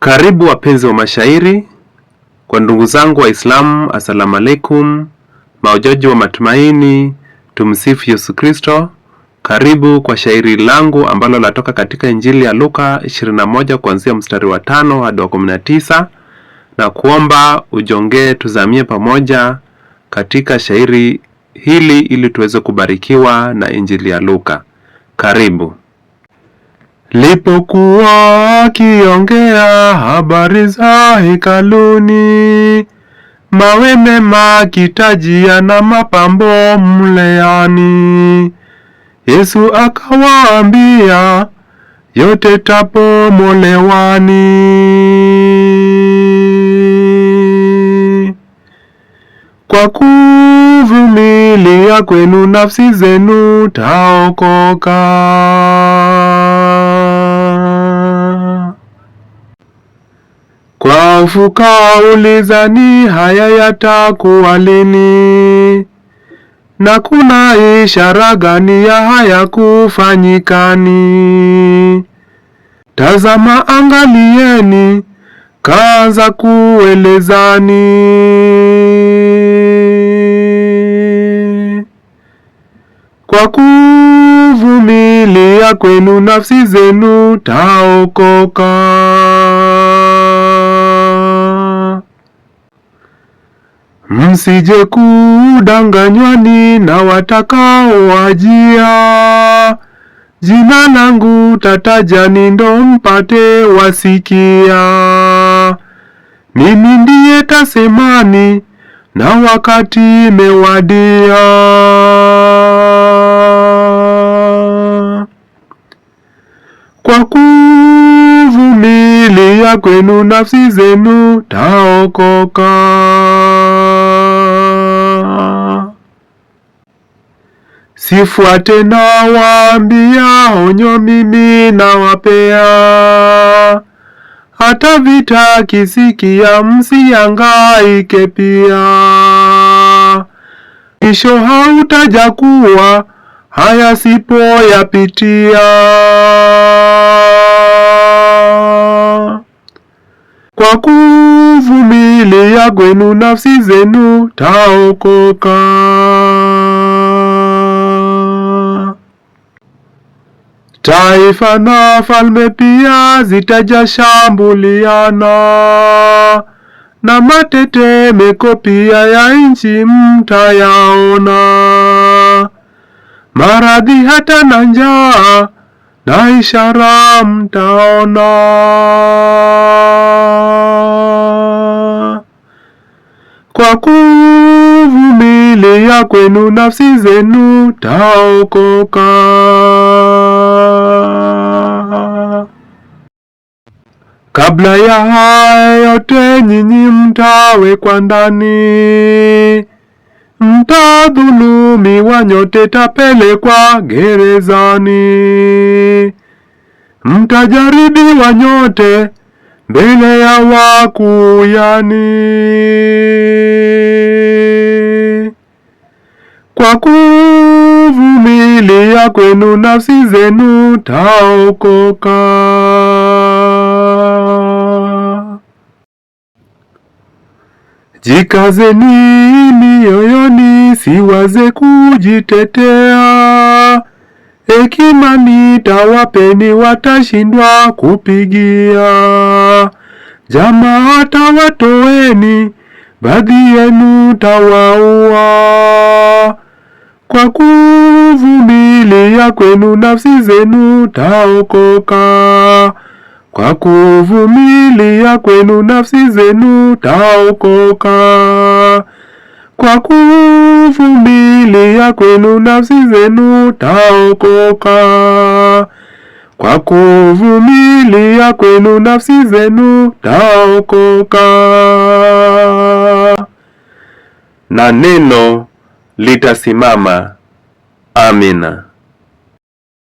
Karibu wapenzi wa mashairi, kwa ndugu zangu Waislamu, assalamu alaikum, mahujaji wa matumaini, tumsifu Yesu Kristo. Karibu kwa shairi langu ambalo latoka katika Injili ya Luka 21 kuanzia mstari wa tano hadi wa tisa na kuomba ujongee, tuzamie pamoja katika shairi hili ili tuweze kubarikiwa na Injili ya Luka. Karibu. Lipokuwa akiongea habari za hekaluni, mawe mema kitajia na mapambo mleani. Yesu akawaambia, yote tapomolewani kwa kuvumi kwenu nafsi zenu taokoka. Kwa ufuka ulizani haya yatakuwa lini? Na kuna ishara gani ya haya kufanyikani? Tazama, angalieni, kaanza kuelezani kwenu, nafsi zenu taokoka. Msije kudanganywani na watakaowajia, jina langu tatajani, ndo mpate wasikia. Mimi ndiye tasemani, na wakati mewadia. kwenu nafsi zenu taokoka. Sifuate na waambia, onyo mimi nawapea, hata vita kisikia, msihangaike pia. kisho hautaja kuwa haya sipo yapitia. Kwa kuvumilia kwenu nafsi zenu taokoka. Taifa na falme pia zitajashambuliana, na matetemeko pia ya nchi mtayaona, maradhi hata na njaa na ishara mtaona. Kwa kuvumilia kwenu nafsi zenu taokoka. Kabla ya hayo yote, nyinyi mtawekwa ndani Mtadhulumiwa nyote, tapelekwa gerezani. Mtajaribiwa nyote mbele ya wakuyani. Kwa kuvumilia kwenu nafsi zenu taokoka. Jikazeni mioyoni, siwaze kujitetea. Hekima nitawapeni, watashindwa kupigia. Jamaa tawatoeni, baadhi yenu tawaua. Kwa kuvumilia kwenu, nafsi zenu taokoka. Kwa kuvumilia kwenu nafsi zenu taokoka. Kwa kuvumilia kwenu nafsi zenu taokoka. Kwa kuvumilia kwenu nafsi zenu taokoka. Na neno litasimama. Amina.